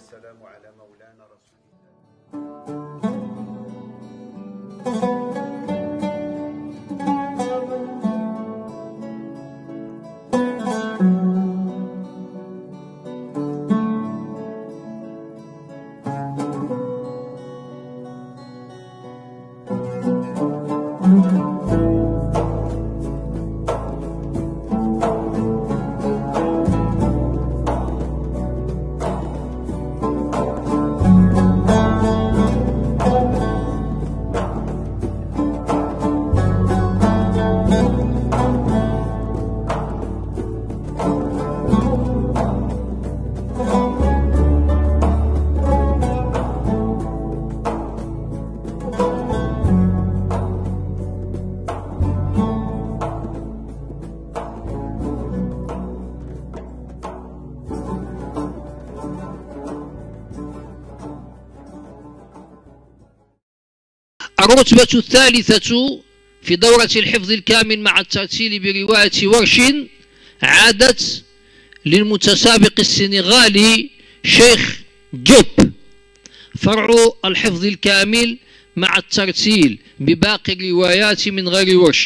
والسلام على مولانا رسول الرتبة الثالثة في دورة الحفظ الكامل مع الترتيل برواية ورش عادت للمتسابق السنغالي شيخ جوب فرع الحفظ الكامل مع الترتيل بباقي الروايات من غير ورش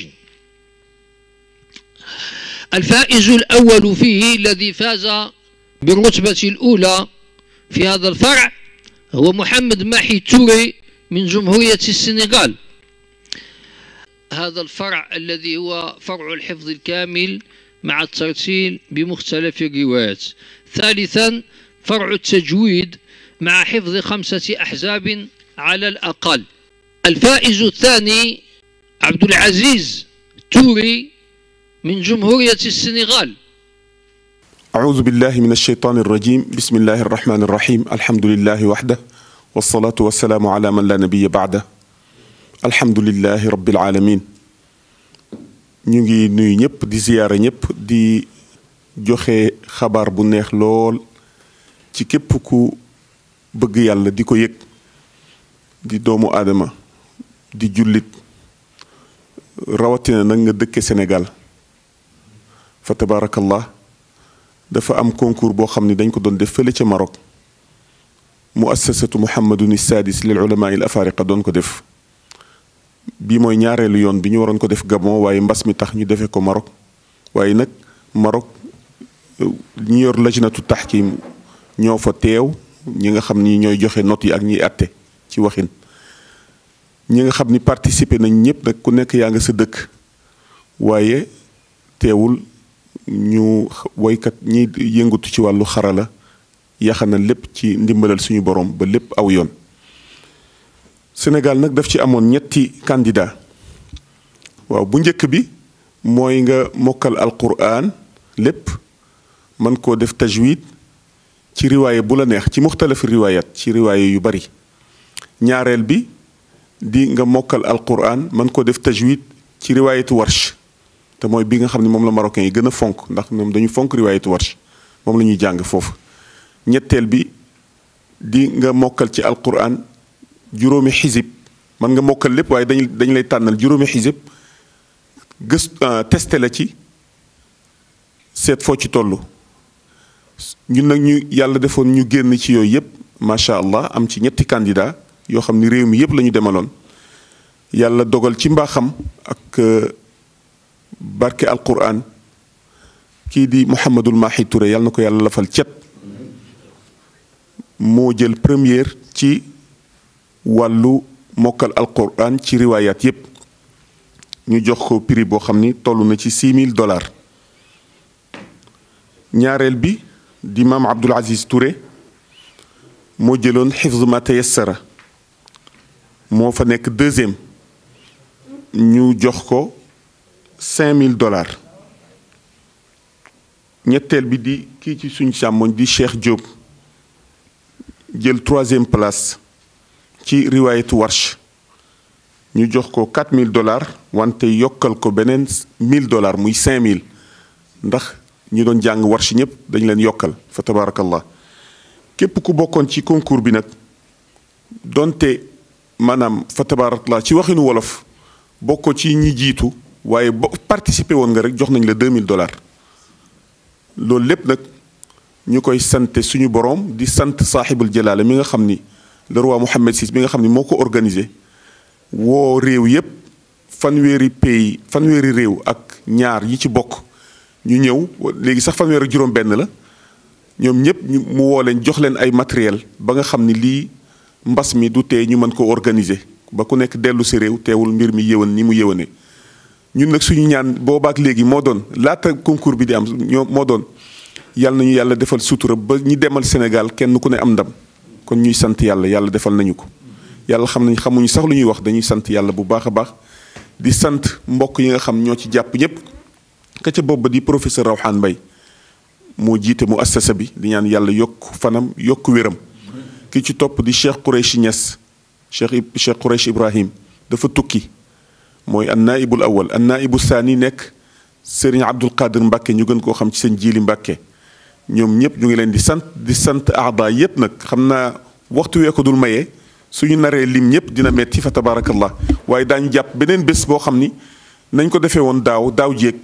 الفائز الأول فيه الذي فاز بالرتبة الأولى في هذا الفرع هو محمد ماحي توري من جمهورية السنغال هذا الفرع الذي هو فرع الحفظ الكامل مع الترتيل بمختلف الروايات ثالثا فرع التجويد مع حفظ خمسة أحزاب على الأقل الفائز الثاني عبد العزيز توري من جمهورية السنغال أعوذ بالله من الشيطان الرجيم بسم الله الرحمن الرحيم الحمد لله وحده والصلاة والسلام على من لا نبي بعده الحمد لله رب العالمين نيجي نوي نيب دي زيارة نيب دي جوخي خبر بنيخ لول تي كيب كو بغ يالا دي كو يك دي دومو آدم دي جوليت رواتنا نغ دكي سنغال فتبارك الله دفا ام كونكور بو خامني دنج كو دون ديف فلي تي muassasatu satu Muhammadun Sadis lil ulama il afariqa doon ko def bii mooy ñaareelu yoon bi ñu waroon ko def Gabon waaye mbas mi tax ñu defee ko Maroc waaye nag Maroc ñi yor lajnatu taxkim ñoo fa teew ñi nga xam ni ñooy joxe notes yi ak ñiy àtte ci waxin ñi nga xam ni participer nañ ñëpp nag ku nekk yaa nga sa dëkk waaye teewul ñu woykat ñi yëngatu ci wàllu xarala. yaxal na lépp ci ndimbalal suñu borom ba lépp aw yoon Sénégal nag daf ci amoon ñetti candidat waaw bu njëkk bi mooy nga mokkal alquran lépp mën koo def tajwid ci riwaaye bu la neex ci muxtalafi riwaayat ci riwaaye yu bari ñaareel bi di nga mokkal alquran mën koo def tajwid ci riwaayatu warsh te mooy bi nga xam ni moom la marocain yi gën a fonk ndax ñoom dañu fonk riwaayatu warsh moom la ñuy jàng foofu ñettel bi di nga mokal ci alquran juróomi hizib man nga mokal lépp waye dañ dañ lay tanal juróomi hizib gëst testé la ci seet foo ci tollu ñun nak ñu yàlla defoon ñu génn ci yoy yeb ma sha allah am ci ñetti candidat yo xamni rew mi yeb lañu demalon yàlla dogal ci mbaxam ak barke alquran ki di Mouhamadul Mahi Touré yàlla nako ko yàlla lafal ciet موجل بريمير تي والو موكال القران تي روايات ييب ني جوخو بري بو خامني تولو ناتي 6000 دولار نيارل بي دي مام عبد العزيز توري موجلون حفظ ما تيسر مو فا نيك دوزيام ميل دولار نيتل بي دي كي تي سونج شامون دي شيخ جوب jël troisième place ci warsh ñu jox ko 4000 dollars wante yokal ko 1000 dollars muy 5000 ndax ñu doon jang warsh ñep dañ leen yokal fa tabarakallah képp ku ci concours bi nak donté manam fa tabarakallah ci waxinu wolof ci ñi jitu waye participer nga rek jox nañ 2000 dollars lool un ñu koy sante suñu boroom di sant saaxibul jalaale mi nga xam ni le roi Mohammed VI mi nga xam ni moo ko organisé woo réew yépp fanweeri pays fanweeri réew ak ñaar yi ci bokk ñu ñëw léegi sax fanweer ak juróom benn la ñoom ñépp mu woo leen jox leen ay matériel ba nga xam ni lii mbas mi du tee ñu mën ko organiser ba ku nekk dellu si réew teewul mbir mi yéwan ni mu yéwane ñun nag suñu ñaan boobaak léegi moo doon laata concours bi di am ñoo moo doon yàlla nañu yàlla defal sutura ba ñi demal Sénégal kenn ku ne am ndam kon ñuy sant yàlla yàlla defal nañu ko yàlla xam nañ xamuñu sax lu ñuy wax dañuy sant yàlla bu baax a baax di sant mbokk yi nga xam ñoo ci jàpp ñëpp ka ca bopp ba di professeur Rawhan Mbaye moo jiite mu assasa bi di ñaan yàlla yokk fanam yokk wéram ki ci topp di Cheikh Quraysh Niass Cheikh Cheikh Quraysh Ibrahim dafa tukki mooy an naaibul awal an naaibul saani nekk Serigne Abdul Qadir Mbacke ñu gën koo xam ci seen jiili Mbacke ñom ñep ñu ngi leen di sant di sant aada yep nak xamna waxtu wee dul maye suñu naré lim ñep dina metti fa tabarakallah waye dañ jàpp benen bés bo xamni nañ ko défé won daw daw jek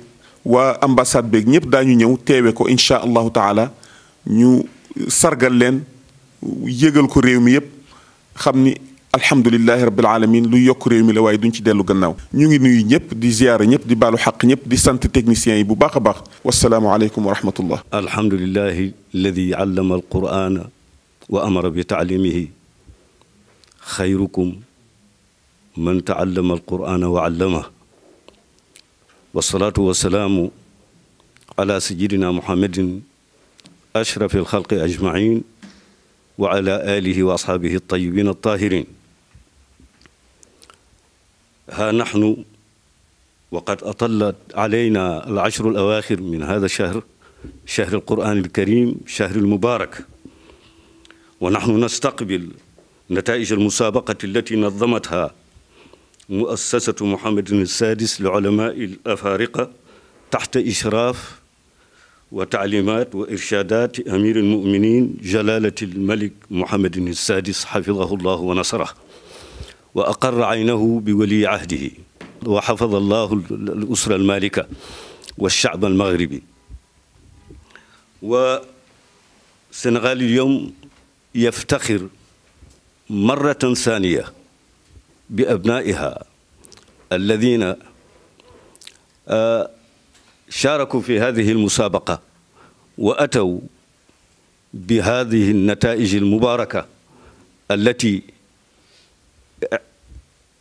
wa ambassade bek ñep dañu ñëw téwé ko insha allah taala ñu sargal leen yëgal ko réew mi yep xamni الحمد لله رب العالمين لو يوك ريو مي لا واي دون سي ديلو غناو نيغي نوي نييب دي زياره نييب دي بالو حق نييب دي سانت تكنيسيان بو باخ باخ والسلام عليكم ورحمه الله الحمد لله الذي علم القران وامر بتعليمه خيركم من تعلم القران وعلمه والصلاه والسلام على سيدنا محمد اشرف الخلق اجمعين وعلى اله واصحابه الطيبين الطاهرين ها نحن وقد أطلت علينا العشر الأواخر من هذا الشهر شهر القرآن الكريم شهر المبارك ونحن نستقبل نتائج المسابقة التي نظمتها مؤسسة محمد السادس لعلماء الأفارقة تحت إشراف وتعليمات وإرشادات أمير المؤمنين جلالة الملك محمد السادس حفظه الله ونصره وأقر عينه بولي عهده وحفظ الله الأسرة المالكة والشعب المغربي وسنغال اليوم يفتخر مرة ثانية بأبنائها الذين آه، شاركوا في هذه المسابقة وأتوا بهذه النتائج المباركة التي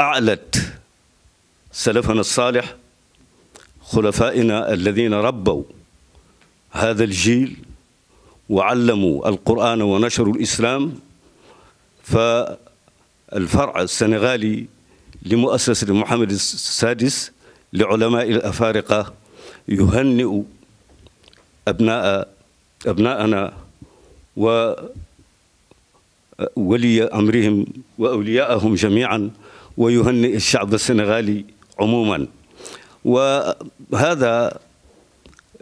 أعلت سلفنا الصالح خلفائنا الذين ربوا هذا الجيل وعلموا القرآن ونشروا الإسلام فالفرع السنغالي لمؤسسة محمد السادس لعلماء الأفارقة يهنئ أبناء أبناءنا و ولي أمرهم وأولياءهم جميعا ويهنئ الشعب السنغالي عموما وهذا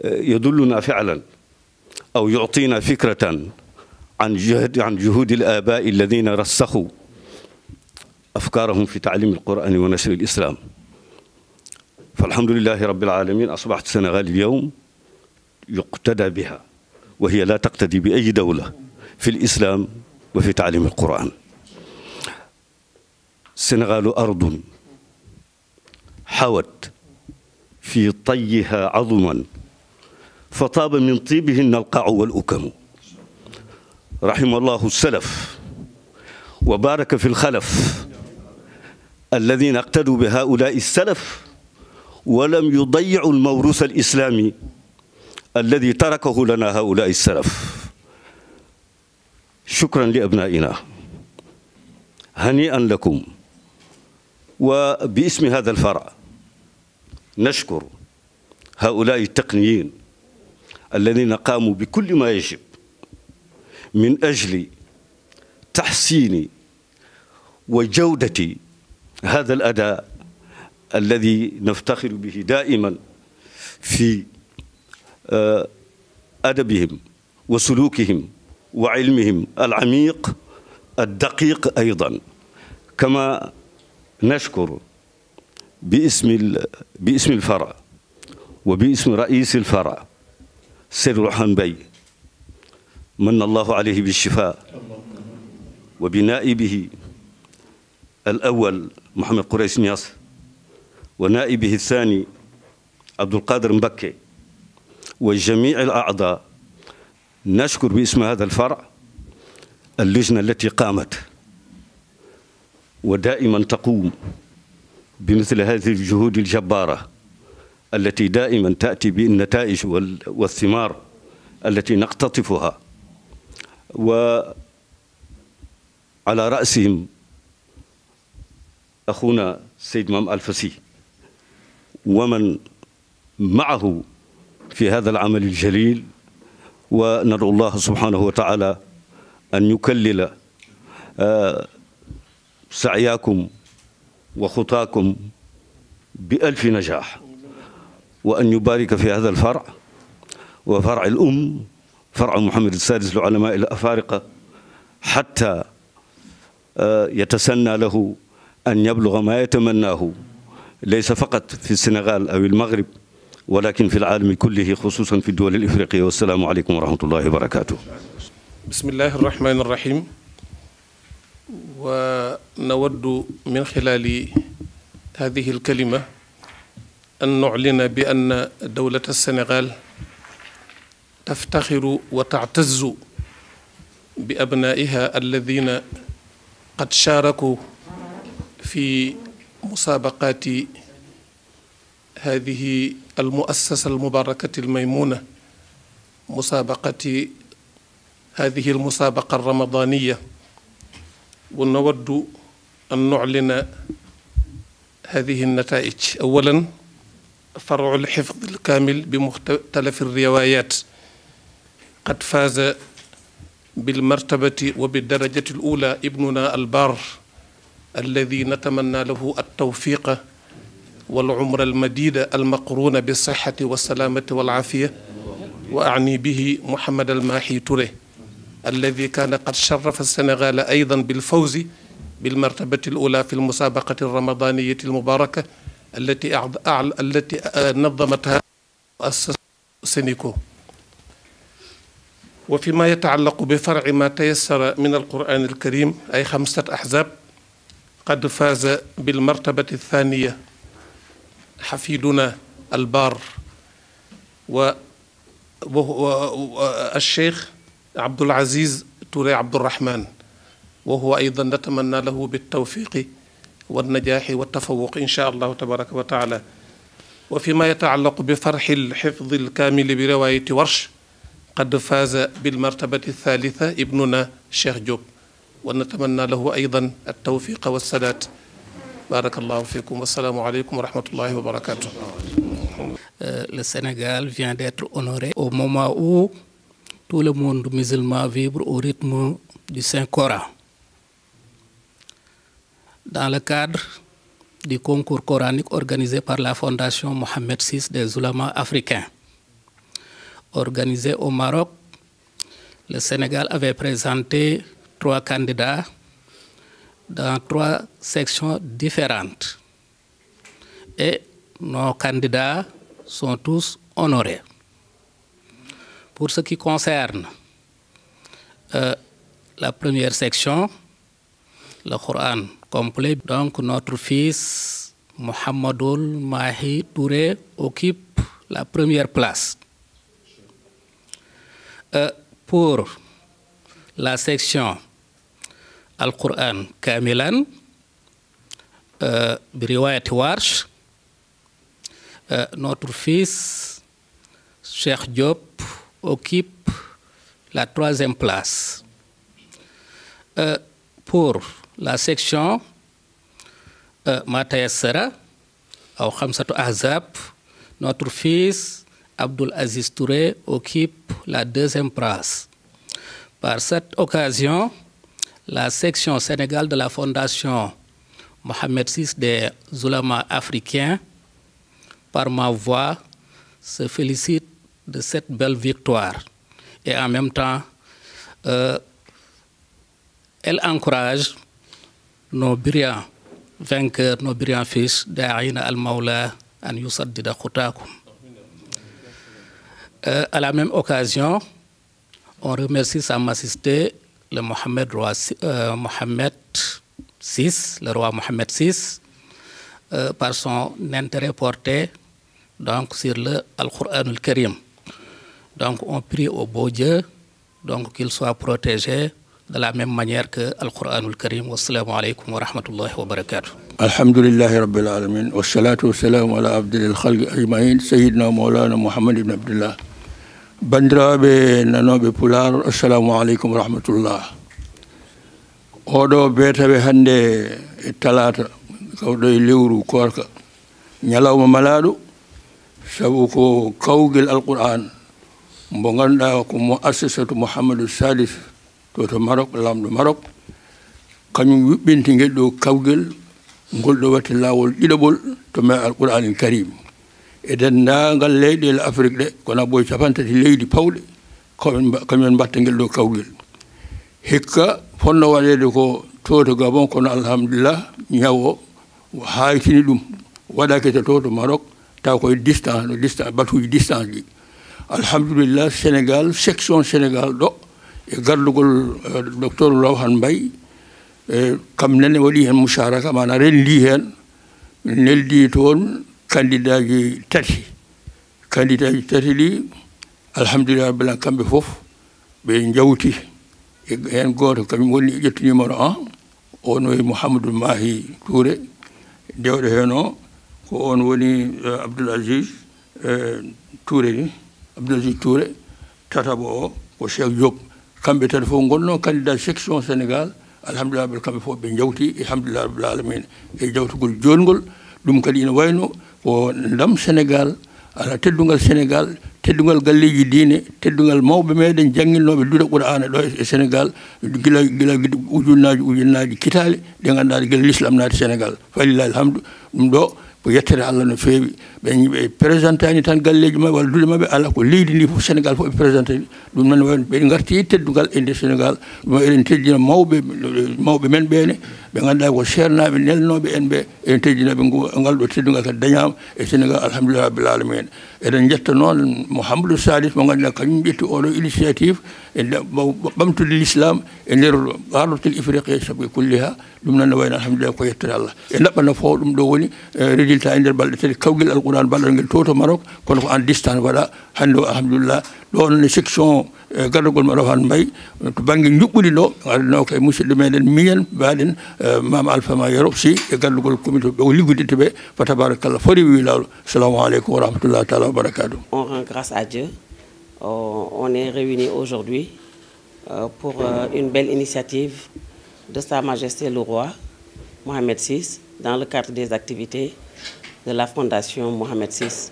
يدلنا فعلا أو يعطينا فكرة عن جهد عن جهود الآباء الذين رسخوا أفكارهم في تعليم القرآن ونشر الإسلام فالحمد لله رب العالمين أصبحت السنغال اليوم يقتدى بها وهي لا تقتدي بأي دولة في الإسلام وفي تعليم القرآن السنغال أرض حوت في طيها عظما فطاب من طيبهن القاع والأكم رحم الله السلف وبارك في الخلف الذين اقتدوا بهؤلاء السلف ولم يضيعوا الموروث الإسلامي الذي تركه لنا هؤلاء السلف شكرا لأبنائنا هنيئا لكم وباسم هذا الفرع نشكر هؤلاء التقنيين الذين قاموا بكل ما يجب من أجل تحسين وجودة هذا الأداء الذي نفتخر به دائما في آه، أدبهم وسلوكهم وعلمهم العميق الدقيق أيضا كما نشكر باسم باسم الفرع وباسم رئيس الفرع سيد بي من الله عليه بالشفاء وبنائبه الأول محمد قريش ياسر ونائبه الثاني عبد القادر مبكي وجميع الأعضاء نشكر باسم هذا الفرع اللجنة التي قامت ودائما تقوم بمثل هذه الجهود الجبارة التي دائما تأتي بالنتائج والثمار التي نقتطفها وعلى رأسهم أخونا سيد مام الفسي ومن معه في هذا العمل الجليل وندعو الله سبحانه وتعالى أن يكلل آه، سعياكم وخطاكم بألف نجاح وأن يبارك في هذا الفرع وفرع الأم فرع محمد السادس لعلماء الأفارقة حتى آه، يتسنى له أن يبلغ ما يتمناه ليس فقط في السنغال أو المغرب ولكن في العالم كله خصوصا في الدول الإفريقية والسلام عليكم ورحمة الله وبركاته بسم الله الرحمن الرحيم ونود من خلال هذه الكلمة أن نعلن بأن دولة السنغال تفتخر وتعتز بأبنائها الذين قد شاركوا في مسابقات هذه المؤسسة المباركة الميمونة مسابقة هذه المسابقة الرمضانية ونود أن نعلن هذه النتائج أولا فرع الحفظ الكامل بمختلف الروايات قد فاز بالمرتبة وبالدرجة الأولى ابننا البار الذي نتمنى له التوفيق والعمر المديد المقرون بالصحة والسلامة والعافية وأعني به محمد الماحي توري الذي كان قد شرف السنغال أيضا بالفوز بالمرتبة الأولى في المسابقة الرمضانية المباركة التي التي نظمتها سينيكو وفيما يتعلق بفرع ما تيسر من القرآن الكريم أي خمسة أحزاب قد فاز بالمرتبة الثانية حفيدنا البار والشيخ عبد العزيز توري عبد الرحمن وهو أيضا نتمنى له بالتوفيق والنجاح والتفوق إن شاء الله تبارك وتعالى وفيما يتعلق بفرح الحفظ الكامل برواية ورش قد فاز بالمرتبة الثالثة ابننا الشيخ جوب ونتمنى له أيضا التوفيق والسداد Euh, le Sénégal vient d'être honoré au moment où tout le monde musulman vibre au rythme du Saint-Coran. Dans le cadre du concours coranique organisé par la Fondation Mohamed VI des Oulama africains, organisé au Maroc, le Sénégal avait présenté trois candidats dans trois sections différentes. Et nos candidats sont tous honorés. Pour ce qui concerne euh, la première section, le Coran complet, donc notre fils Mohamedoul Mahi Touré occupe la première place. Euh, pour la section Al-Qur'an kamilan برواية euh, Warsh, euh, notre fils Cheikh Diop occupe la troisième place euh, pour la section euh, Matayasara au Ahzab notre fils Abdul Aziz Touré occupe la deuxième place par cette occasion la section Sénégal de la Fondation Mohamed VI des Zulama africains, par ma voix, se félicite de cette belle victoire. Et en même temps, euh, elle encourage nos brillants vainqueurs, nos brillants fils, Da'ina al-Mawla, An Youssad euh, à la même occasion, on remercie sa majesté le Mohamed, roi, euh, Mohamed VI, le roi Mohamed VI, euh, par son intérêt porté donc, sur le Al-Qur'an al-Karim. Donc on prie au beau Dieu donc qu'il soit protégé de la même manière que Al-Qur'an al-Karim. Wassalamu alaykum wa rahmatullahi wa barakatuh. Alhamdulillahi rabbil alamin wa salatu wa salam ala abdil khalq ajma'in sayyidina Mawlana Muhammad ibn Abdullah. bandiraɓe nanoɓe pular assalamu aleykum warahmatullah oɗo beetaɓe hannde e talata kawɗo e lewru korka ñalawma malaɗo sabu ko kawgel alqur'an mbo ganduɗa ko mo assasatu mouhamadou salis to to marok lamɗo marok kañum yuɓɓinti ngel ɗo kawgel ngol ɗo watte laawol ɗiɗaɓol to ma alquran karim e denndaangal leyɗi ele afrique ɗe kono ɓoye capantati leydi pawɗe kañumen mbatta ngel ɗo kawgel hikka fonno waɗeede ko to to gabon kono alhamdulillah ñaw o haytini ɗum waɗake to to to maroc taw koye distance no distance batuji distance ɗi alhamdulillah sénégal section sénégal ɗo e gardugol docteur lawhan mbay e kam nene waɗi hen musaraka mana rendi hen neldi toon candidat tati candidat ji tati ɗi alhamdulillah rabbil ala kamɓe fof ɓe jawti e hen goto kañum woni ƴettu numéro un ono e mouhamadou mahi touré dewɗo hen o ko on woni abdoul asis touré ni abdoul asis touré tataɓo o ko cheikh diop kamɓe tati fof gonno candidat section sénégal alhamdulillah rabbil kamɓe fof ɓe jawti alhamdulillah rabbil alamin e jawtugol jolngol ɗum kadi ina wayno o ndam sénégal ala teddugal n sénégal teddugal n galleji diine teddugal n mawɓe meɗen jangguilnoɓe duuɗa qur'ana ɗo e sénégal gila gila ujunnaji ujunnaji kitali ɗi ganduɗa ɗe guila l'islam naati sénégal falillahi alhamdu ɗum ɗo ويتر على نفي بين بريزنتاني يعني تان قال لي جماعه والدول ما بيعلى كل اللي يدني في السنغال هو بريزنتاني دون من وين بين غير تيت دون قال اند السنغال ما ينتجنا ماو ب ماو بمن بيني بين عندنا وشيرنا بنيل نو بين ب ينتجنا بنقول انقال دوت دون قال الدنيا السنغال الحمد لله بالعالمين اذا جت نون محمد السادس ما عندنا كم جت اولو انيشيتيف بمت للاسلام اللي غالبت الافريقيا الشبكه كلها دمنا نوينا الحمد لله كويت الله الا بنا فو دم دولي آه، رجلت عند البلد كوغل القران بلد توتو ماروك كون عن ديستان ولا حمد الحمد لله دون سيكسيون غادو آه، كون مارو هان باي بانغ نيوبولي لو نو كاي مسلمين مين بعدين آه، مام الفا ما يروح سي غادو كون كوميت دو لي غوديت بي فتبارك الله فوري وي لا السلام عليكم ورحمه الله تعالى وبركاته اون غراس ا ديو Euh, on est réunis aujourd'hui euh, pour euh, une belle initiative de Sa Majesté le Roi Mohamed VI dans le cadre des activités de la Fondation Mohamed VI.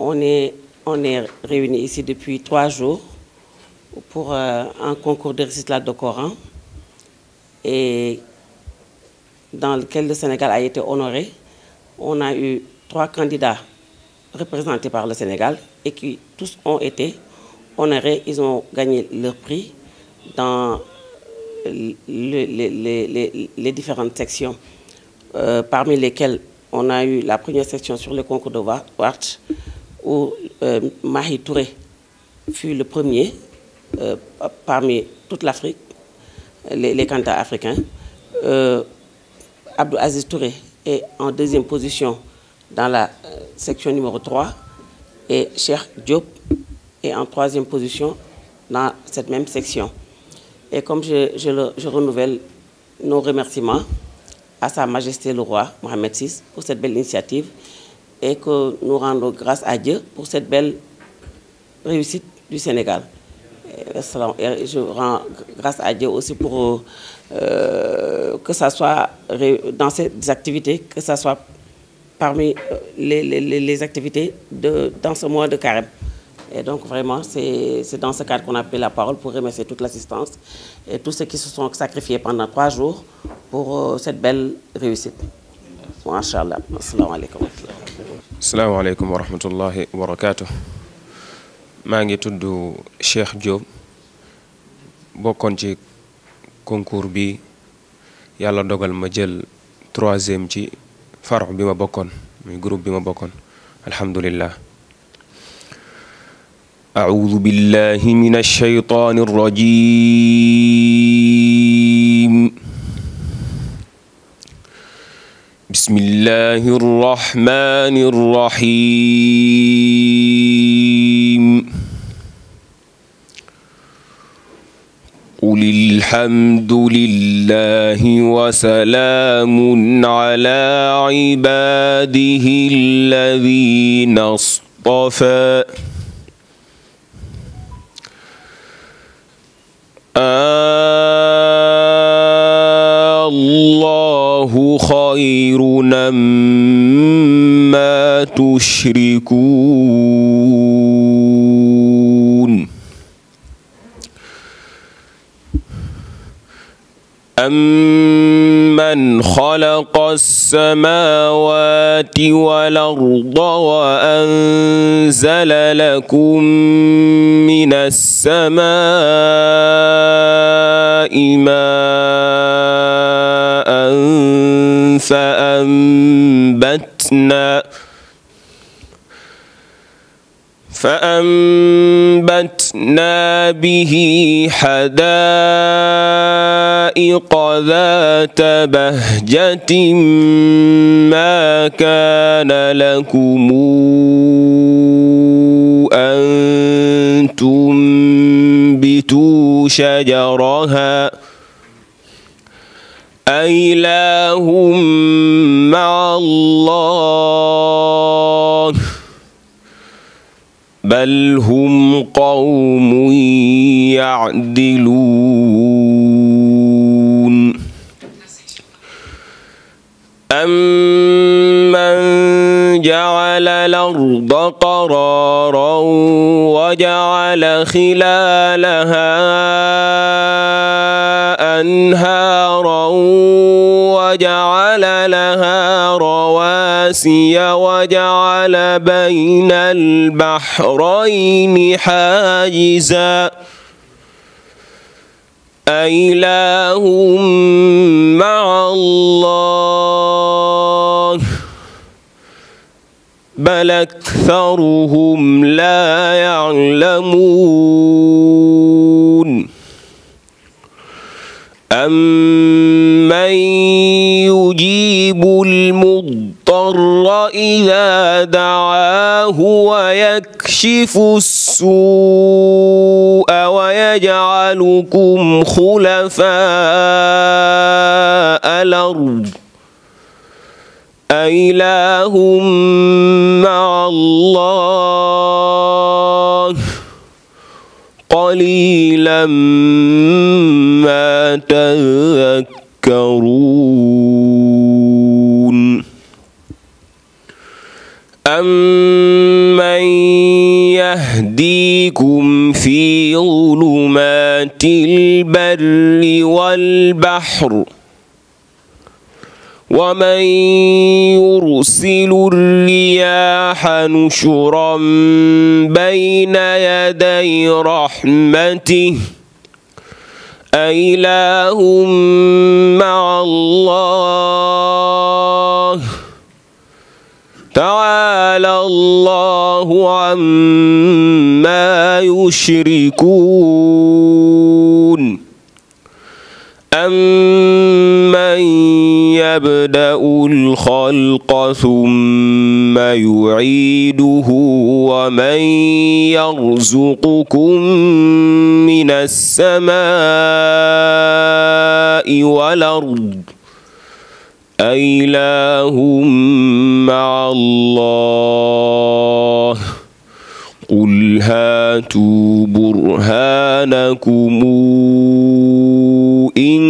On est, on est réunis ici depuis trois jours pour un concours de récital de Coran et dans lequel le Sénégal a été honoré. On a eu trois candidats représentés par le Sénégal et qui tous ont été honorés. Ils ont gagné leur prix dans les, différentes sections, euh, parmi lesquelles on a eu la première section sur le concours de Warch, où euh, Mahi Touré fut le premier euh, parmi toute l'Afrique, les, candidats africains. Euh, Abdou Aziz Touré est en deuxième position dans la euh, section numéro 3 et Cheikh Diop est en troisième position dans cette même section. Et comme je, je, renouvelle nos remerciements à Sa Majesté le Roi Mohamed VI pour cette belle initiative et que nous rendons grâce à Dieu pour cette belle réussite du Sénégal. Et je rends grâce à Dieu aussi pour euh, que ça soit dans ces activités, que ça soit parmi euh, les, les, les activités de, dans ce mois de carême. Et donc vraiment, c'est dans ce cadre qu'on a pris la parole pour remercier toute l'assistance et tous ceux qui se sont sacrifiés pendant trois jours pour euh, cette belle réussite. Inch'Allah. Assalamu alaikum. Assalamu alaikum wa rahmatullahi wa barakatuh. Je suis Cheikh Diop bokkoon ci concours bi suis dogal ma jël troisième ci فرع بما بكون جروب بما بكون الحمد لله أعوذ بالله من الشيطان الرجيم بسم الله الرحمن الرحيم الحمد لله وسلام على عباده الذين اصطفى الله خير مما تشركون أمن خلق السماوات والأرض وأنزل لكم من السماء ماء فأنبتنا فأنبتنا به حدائق ذات بهجة ما كان لكم أن تنبتوا شجرها أيلاهم مع الله بل هم قوم يعدلون أمن جعل الأرض قرارا وجعل خلالها أنهارا وجعل رواسي وجعل بين البحرين حاجزا أإله مع الله بل أكثرهم لا يعلمون أمن يجيب المؤمنين الضر إذا دعاه ويكشف السوء ويجعلكم خلفاء الأرض أإله مع الله قليلا ما تذكرون أمن يهديكم في ظلمات البر والبحر ومن يرسل الرياح نشرا بين يدي رحمته أإله مع الله تعالى الله عما يشركون أمن يبدأ الخلق ثم يعيده ومن يرزقكم من السماء والأرض إله مع الله قل هاتوا برهانكم إن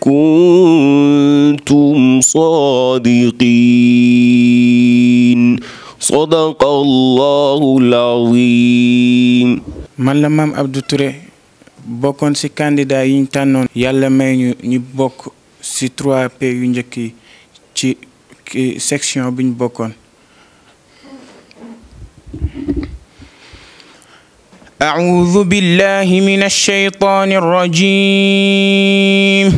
كنتم صادقين صدق الله العظيم من لمام عبد التوري bokkoon سي كانديدا yiñ tànnoon yàlla may ñu ci 3P yu ñëk ci section biñ bokkon bokkoon أعوذ بالله من الشيطان الرجيم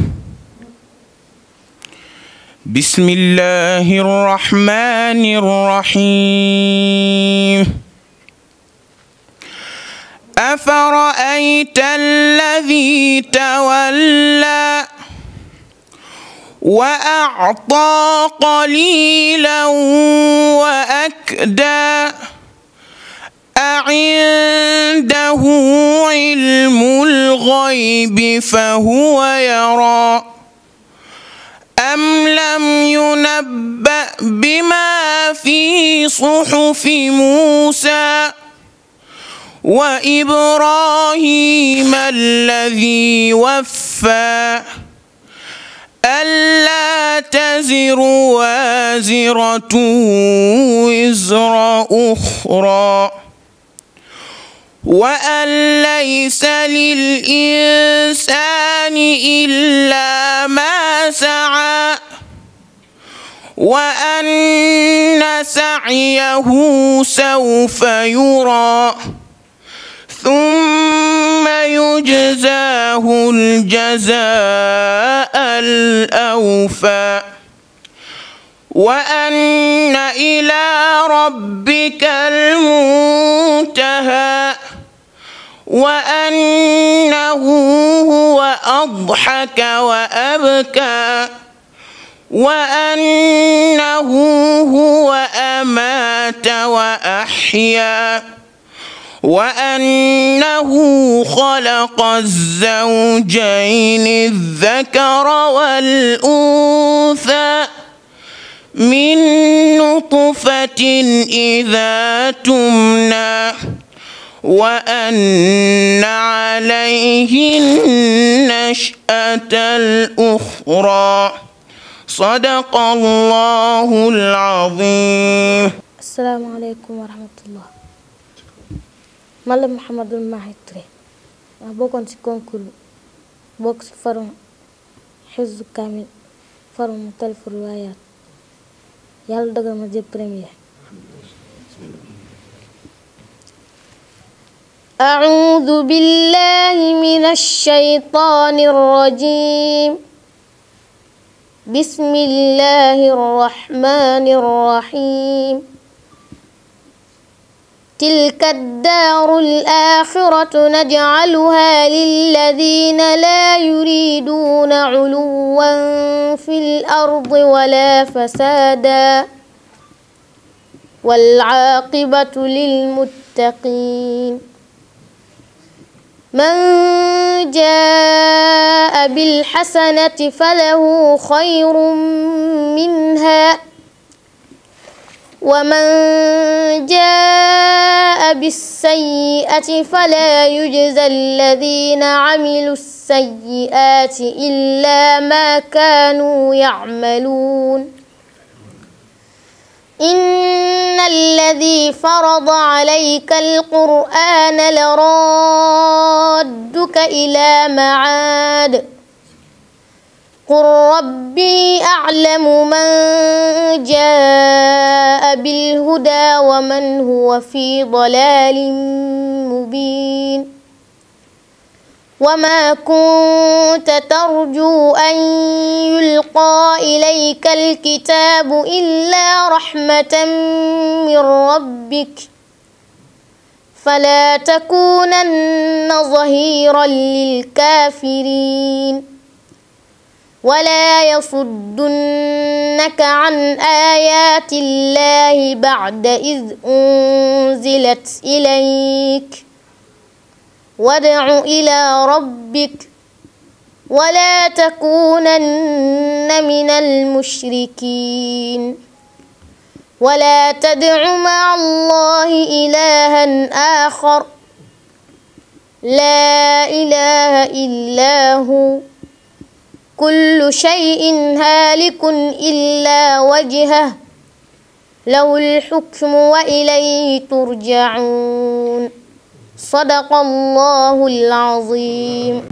بسم الله الرحمن الرحيم أفرأيت الذي تولى وأعطى قليلا وأكدى أعنده علم الغيب فهو يرى أم لم ينبأ بما في صحف موسى وإبراهيم الذي وفى ألا تزر وازرة وزر أخرى وأن ليس للإنسان إلا ما سعى وأن سعيه سوف يرى ثم يجزاه له الجزاء الأوفى وأن إلى ربك المنتهى وأنه هو أضحك وأبكى وأنه هو أمات وأحيا وأنه خلق الزوجين الذكر والأنثى من نطفة إذا تمنى وأن عليه النشأة الأخرى صدق الله العظيم السلام عليكم ورحمة الله مالا محمد المهيتري بوكون سي كونكول بوكس فرم حز كامل فرم مختلف روايات يلا دغر ما جي بريمير أعوذ بالله من الشيطان الرجيم بسم الله الرحمن الرحيم تلك الدار الآخرة نجعلها للذين لا يريدون علوا في الأرض ولا فسادا والعاقبة للمتقين من جاء بالحسنة فله خير منها ومن جاء بالسيئة فلا يجزى الذين عملوا السيئات إلا ما كانوا يعملون إن الذي فرض عليك القرآن لرادك إلى معاد قل ربي أعلم من جاء بالهدى ومن هو في ضلال مبين وما كنت ترجو أن يلقى إليك الكتاب إلا رحمة من ربك فلا تكونن ظهيرا للكافرين ولا يصدنك عن آيات الله بعد إذ أنزلت إليك وادع إلى ربك ولا تكونن من المشركين ولا تدع مع الله إلها آخر لا إله إلا هو كل شيء هالك إلا وجهه له الحكم وإليه ترجعون صدق الله العظيم